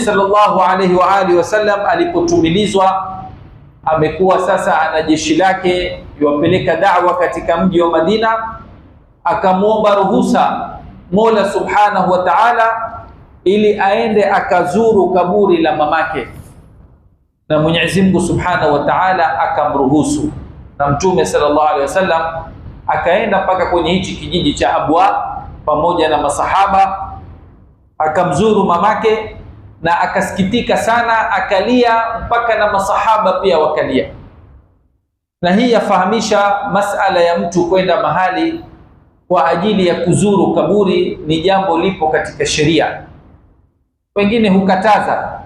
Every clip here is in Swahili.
sallallahu alayhi wa alihi wasallam alipotumilizwa, amekuwa sasa ana jeshi lake yuwapeleka da'wa katika mji wa Madina, akamwomba ruhusa Mola subhanahu wa ta'ala ili aende akazuru kaburi la mamake, na Mwenyezi Mungu subhanahu wa ta'ala akamruhusu, na Mtume sallallahu alayhi wasallam akaenda mpaka kwenye hichi kijiji cha Abwa pamoja na masahaba, akamzuru mamake na akasikitika sana, akalia mpaka na masahaba pia wakalia. Na hii yafahamisha masala ya mtu kwenda mahali kwa ajili ya kuzuru kaburi ni jambo lipo katika sheria. Wengine hukataza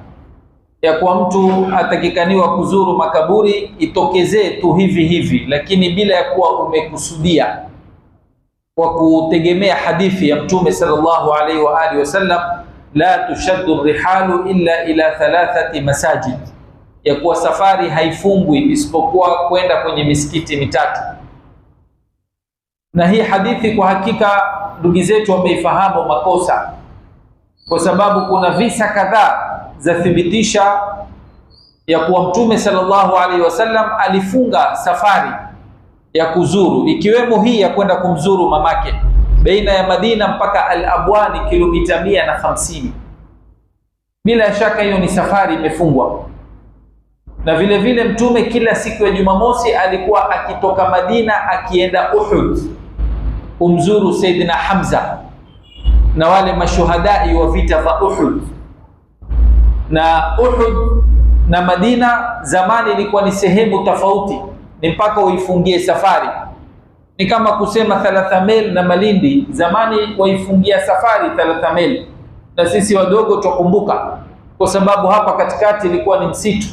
ya kuwa mtu atakikaniwa kuzuru makaburi itokezee tu hivi hivi, lakini bila ya kuwa umekusudia, kwa kutegemea hadithi ya Mtume sallallahu alaihi wa alihi wasallam la tushaddu rihalu illa ila thalathati masajid, ya kuwa safari haifungwi isipokuwa kwenda kwenye misikiti mitatu. Na hii hadithi kwa hakika ndugu zetu wameifahamu makosa, kwa sababu kuna visa kadhaa zathibitisha ya kuwa Mtume sallallahu alaihi wasallam alifunga safari ya kuzuru, ikiwemo hii ya kwenda kumzuru mamake baina ya Madina mpaka Al-Abwani kilomita mia na hamsini. Bila shaka hiyo ni safari imefungwa. Na vile vile Mtume kila siku ya Jumamosi alikuwa akitoka Madina akienda Uhud umzuru Saidina Hamza na wale mashuhadai wa vita vya Uhud. Na Uhud na Madina zamani ilikuwa ni sehemu tofauti, ni mpaka uifungie safari ni kama kusema Thalathamel na Malindi, zamani waifungia safari Thalathamel, na sisi wadogo twakumbuka, kwa sababu hapa katikati ilikuwa ni msitu,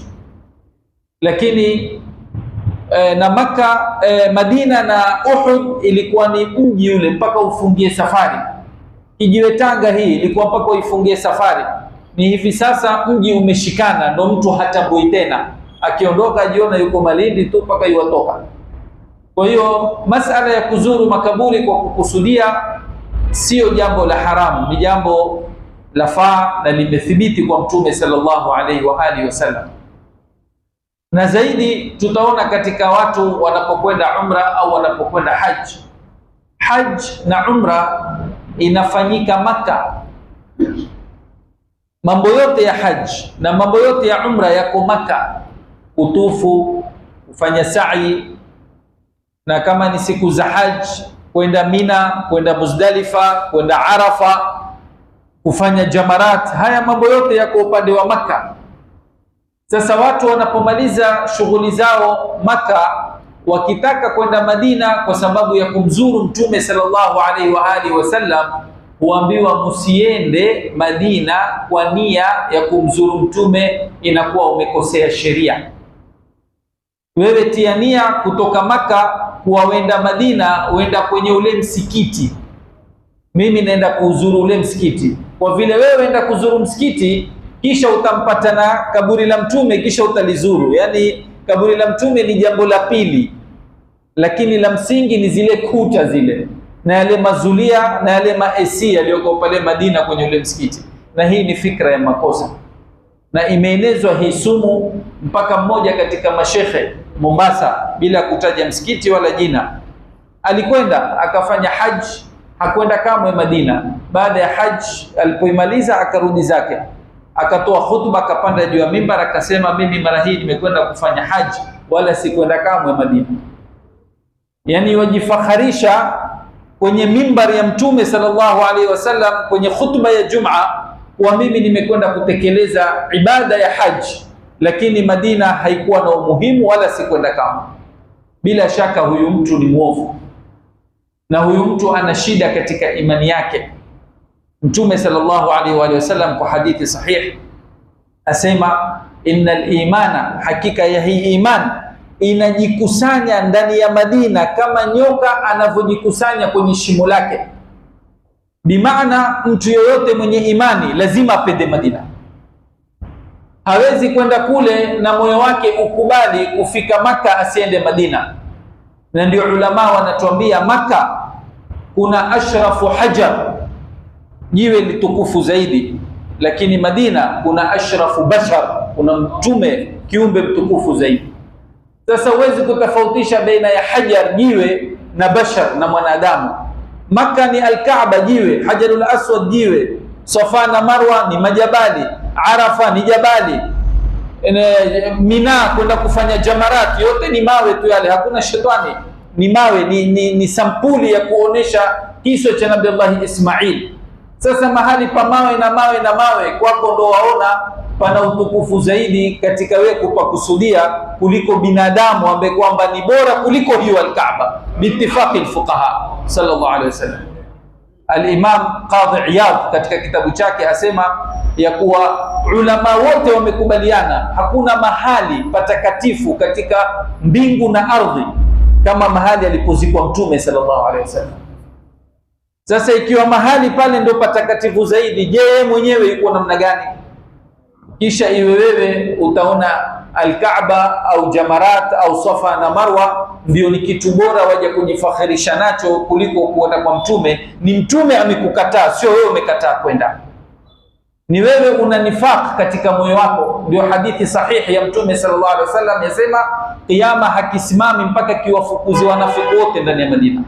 lakini eh, na Maka eh, Madina na Uhud ilikuwa ni mji ule mpaka ufungie safari. Kijiwe Tanga hii ilikuwa mpaka waifungie safari. Ni hivi sasa mji umeshikana, ndo mtu hatambui tena, akiondoka ajiona yuko Malindi tu mpaka iwatoka kwa hiyo masala ya kuzuru makaburi kwa kukusudia siyo jambo la haramu, ni jambo la faa na limethibiti kwa Mtume sallallahu alaihi wa alihi wasallam. Na zaidi tutaona katika watu wanapokwenda umra au wanapokwenda haji. Haji na umra inafanyika Maka. Mambo yote ya haji na mambo yote ya umra yako Maka: kutufu, kufanya sa'i na kama ni siku za haji kwenda Mina, kwenda Muzdalifa, kwenda Arafa, kufanya jamarat. Haya mambo yote yako upande wa Maka. Sasa watu wanapomaliza shughuli zao Maka, wakitaka kwenda Madina kwa sababu ya kumzuru Mtume sallallahu alaihi wa alihi wasallam, huambiwa msiende Madina kwa nia ya kumzuru Mtume, inakuwa umekosea sheria. Wewe tia nia kutoka Maka wawenda Madina, uenda kwenye ule msikiti, mimi naenda kuuzuru ule msikiti. Kwa vile wewe wenda kuzuru msikiti, kisha utampata na kaburi la Mtume, kisha utalizuru. yani kaburi la Mtume ni jambo la pili, lakini la msingi ni zile kuta zile na yale mazulia na yale maesi yaliyoko pale Madina kwenye ule msikiti. Na hii ni fikra ya makosa, na imeenezwa hii sumu mpaka mmoja katika mashekhe Mombasa bila kutaja msikiti wala jina. Alikwenda akafanya haji, hakwenda kamwe Madina. Baada ya haji alipoimaliza akarudi zake, akatoa hutuba, akapanda juu ya mimbar akasema, mimi mara hii nimekwenda kufanya haji wala sikwenda kamwe Madina. Yani wajifaharisha kwenye mimbar ya Mtume sallallahu alaihi wasallam kwenye khutba ya Juma, kwa mimi nimekwenda kutekeleza ibada ya haji lakini Madina haikuwa na umuhimu wala si kwenda kama. Bila shaka huyu mtu ni mwovu na huyu mtu ana shida katika imani yake. Mtume sallallahu alaihi wa sallam kwa hadithi sahihi asema, innal imana, hakika ya hii iman inajikusanya ndani ya Madina kama nyoka anavyojikusanya kwenye shimo lake. Bimaana, mtu yoyote mwenye imani lazima apende Madina hawezi kwenda kule na moyo wake ukubali kufika Maka asiende Madina. Na ndio ulama wanatuambia Maka kuna ashrafu hajar, jiwe ni tukufu zaidi, lakini Madina kuna ashrafu bashar, kuna mtume kiumbe mtukufu zaidi. Sasa huwezi kutofautisha baina ya hajar jiwe na bashar na mwanadamu. Maka ni Alkaaba jiwe, hajarul aswad jiwe, Safa na Marwa ni majabali Arafa ni jabali, Mina kwenda kufanya jamarati, yote ni mawe tu yale, hakuna shetani, ni mawe, ni, ni, ni sampuli ya kuonesha kiso cha Nabii Allah Ismail. Sasa mahali pa mawe na mawe na mawe, kwako ndo waona pana utukufu zaidi katika wewe kupakusudia kuliko binadamu ambaye kwamba ni bora kuliko hiyo Alkaaba, bitifaqi lfuqaha sallallahu alaihi wasallam. Al-Imam Qadhi Iyad katika kitabu chake asema ya kuwa ulama wote wamekubaliana, hakuna mahali patakatifu katika mbingu na ardhi kama mahali alipozikwa Mtume sallallahu alaihi wasallam. Sasa ikiwa mahali pale ndio patakatifu zaidi, je, mwenyewe yuko namna gani? Kisha iwe wewe utaona Alkaaba au Jamarat au Safa na Marwa ndio ni kitu bora waje kujifakhirisha nacho kuliko kuenda kwa Mtume. Ni Mtume amekukataa, sio wewe umekataa kwenda, ni wewe una nifaq katika moyo wako. Ndio hadithi sahihi ya Mtume sallallahu alaihi wasallam yasema, kiama hakisimami mpaka kiwafukuzi wanafiki wote ndani ya Madina.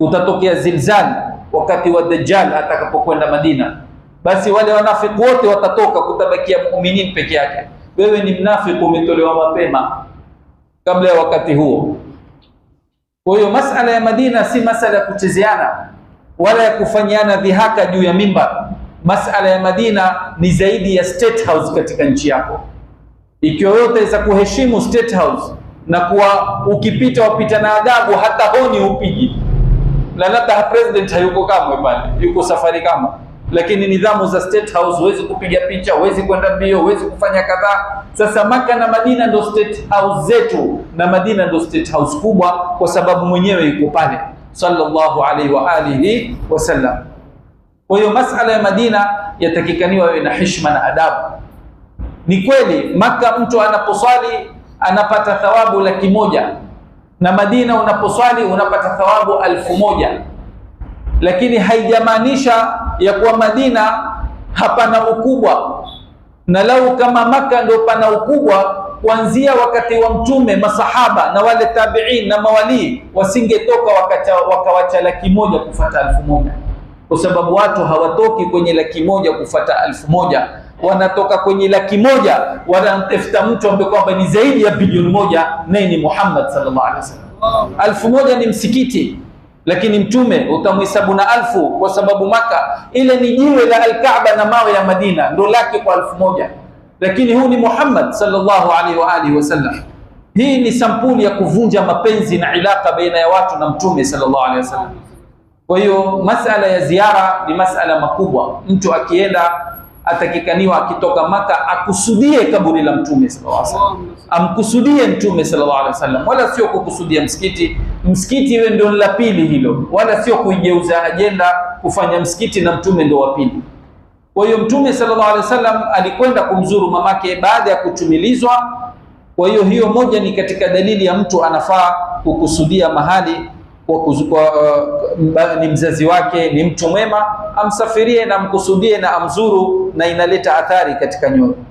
Utatokea zilzali wakati wa Dajjal atakapokwenda Madina, basi wale wanafiki wote watatoka, kutabakia muuminin peke yake wewe ni mnafiki, umetolewa mapema kabla ya wakati huo. Kwa hiyo masala ya Madina si masala ya kuchezeana wala ya kufanyiana dhihaka juu ya mimba. Masala ya Madina ni zaidi ya state house katika nchi yako, ikiwa wewe utaweza kuheshimu state house na kuwa ukipita wapita na adabu, hata honi upigi, na labda president hayuko kamwe pale, yuko safari kama lakini nidhamu za State House, huwezi kupiga picha, huwezi kwenda mbio, huwezi kufanya kadhaa. Sasa Maka na Madina ndo State House zetu, na Madina ndo State House kubwa, kwa sababu mwenyewe yuko pale sallallahu alaihi wa alihi wasallam. Kwa hiyo masala ya Madina yatakikaniwa iwe na heshima na adabu. Ni kweli Maka mtu anaposwali anapata thawabu laki moja na Madina unaposwali unapata thawabu alfu moja lakini haijamaanisha ya kuwa Madina hapana ukubwa, na lau kama Maka ndio pana ukubwa kuanzia wakati wa Mtume, masahaba na wale tabiin na mawalii wasingetoka wakawacha laki moja kufata alfu moja kwa sababu watu hawatoki kwenye laki moja kufata alfu moja wanatoka kwenye laki moja wanamtafuta mtu ambaye kwamba ni zaidi ya bilioni moja, naye ni Muhammad sallallahu alaihi wasallam. Alfu moja ni msikiti lakini mtume utamhesabu na alfu kwa sababu Maka ile ni jiwe la Alkaaba na mawe ya Madina ndo lake kwa alfu moja, lakini huu ni Muhammad sallallahu alaihi wa alihi wasallam. Hii ni sampuli ya kuvunja mapenzi na ilaka baina ya watu na mtume sallallahu alaihi wasallam. Kwa hiyo masala ya ziara ni masala makubwa, mtu akienda atakikaniwa akitoka Maka akusudie kaburi la Mtume sallallahu alaihi wasallam, amkusudie Mtume sallallahu alaihi wasallam, wala sio kukusudia msikiti. Msikiti iwe ndio la pili hilo, wala sio kuigeuza ajenda kufanya msikiti na Mtume ndio wa pili. Kwa hiyo Mtume sallallahu alaihi wasallam alikwenda kumzuru mamake baada ya kutumilizwa. Kwa hiyo hiyo moja ni katika dalili ya mtu anafaa kukusudia mahali kwa kuzukua, uh, ni mzazi wake ni mtu mwema, amsafirie na amkusudie na amzuru, na inaleta athari katika nyoyo.